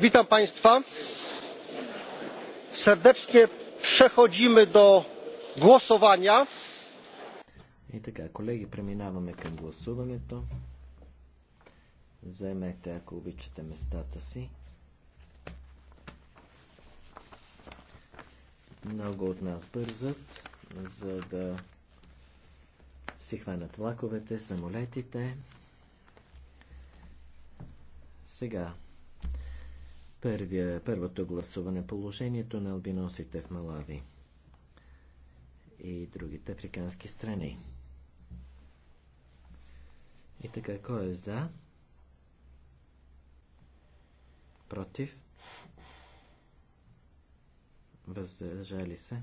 witam państwa. serdecznie przechodzimy do głosowania. И така, колеги, преминаваме към гласуването. Заемете, ако обичате, местата си. Много от нас бързат, за да си хванат влаковете, самолетите. Сега Първия, първото гласуване положението на албиносите в Малави и другите африкански страни. И така, кой е за? Против? Въздържали се?